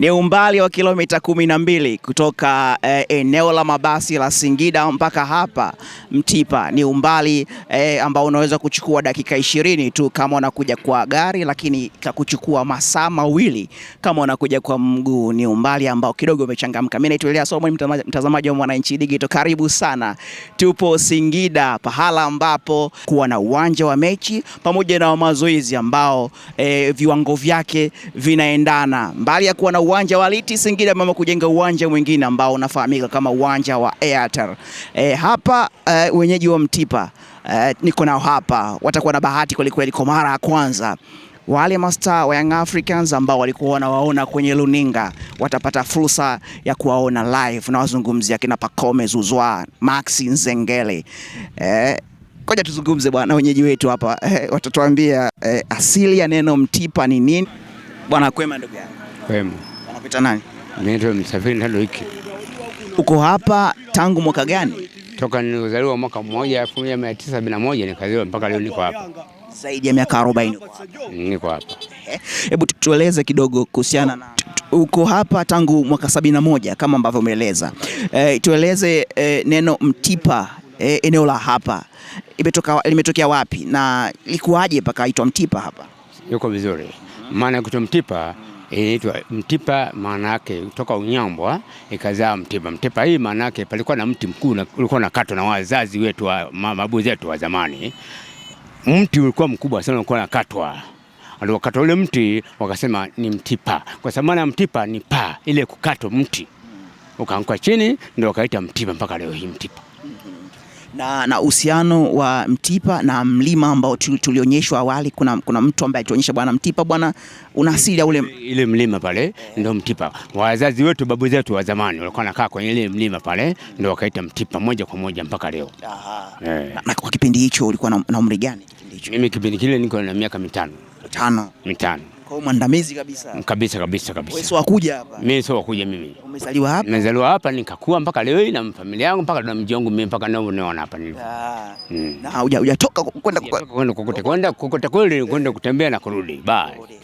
Ni umbali wa kilomita kumi na mbili kutoka eh, eneo la mabasi la Singida mpaka hapa Mtipa. Ni umbali eh, ambao unaweza kuchukua dakika ishirini tu kama unakuja kwa gari, lakini kakuchukua masaa mawili kama unakuja kwa mguu. Ni umbali ambao kidogo umechangamka. Mimi naitwa Elias Somo, mtazamaji wa Mwananchi Digital. Karibu sana, tupo Singida, pahala ambapo kuwa na uwanja wa mechi pamoja na mazoezi ambao eh, viwango vyake vinaendana mbali ya kuwa na uwanja wa Liti Singida mama kujenga uwanja mwingine ambao unafahamika kama uwanja wa Airtel. E, hapa e, wenyeji wa Mtipa e, niko nao hapa, watakuwa na bahati kwelikweli kwa mara ya kwanza wale mastaa wa Young Africans ambao walikuwa wanawaona kwenye luninga watapata fursa ya kuwaona live, na wazungumzia kina Pakome Zuzwa, Maxi Nzengele. Eh, koja tuzungumze bwana, wenyeji wetu hapa eh, watatuambia eh, asili ya neno Mtipa ni nini bwana. Kwema ndugu yangu, kwema. Unajiita nani? Naitwa Msafiri Ntadoiki. Uko hapa tangu mwaka gani? Toka nilizaliwa mwaka mmoja elfu moja mia tisa sabini na moja nikazaliwa mpaka leo niko hapa zaidi ya miaka 40 niko hapa. Eh, hebu tueleze kidogo kuhusiana na uko hapa tangu mwaka sabini na moja kama ambavyo umeeleza. E, tueleze e, neno Mtipa e, eneo la hapa imetoka limetokea wapi na likuwaje mpaka aitwa Mtipa hapa? Yuko vizuri maana kuitwa Mtipa inaitwa Mtipa, maana yake kutoka Unyambwa ikazaa Mtipa. Mtipa hii maana yake palikuwa na mti mkuu ulikuwa na kato na wazazi wetu wa mababu zetu wa zamani. Mti ulikuwa mkubwa sana, ulikuwa unakatwa Aliokata ule mti wakasema ni Mtipa, kwa sababu maana mtipa ni paa ile kukatwa mti ukaanguka chini, ndio wakaita Mtipa mpaka leo hii Mtipa na uhusiano wa Mtipa na mlima ambao tulionyeshwa awali. Kuna, kuna mtu ambaye tuonyesha bwana Mtipa bwana una asili ule ile mlima pale ndio Mtipa. Wazazi wetu babu zetu wa zamani walikuwa nakaa kwenye ile mlima pale ndio wakaita Mtipa moja kwa moja mpaka leo. Eh. Na, na kwa kipindi hicho ulikuwa na, na umri gani kipindi hicho? Mimi kipindi kile niko na miaka mitano mitano mitano. Kwa mwandamizi kabisa. Kabisa kabisa kabisa. Wewe sio wakuja hapa. Mimi sio wakuja mimi. Umezaliwa hapa? Nimezaliwa hapa nikakua mpaka leo hii na familia yangu mpaka na mji wangu mimi mpaka nao naona hapa nilipo. Ah. Mm. Na hujatoka kwenda kwenda kokote kwenda kutembea na kurudi. Bye.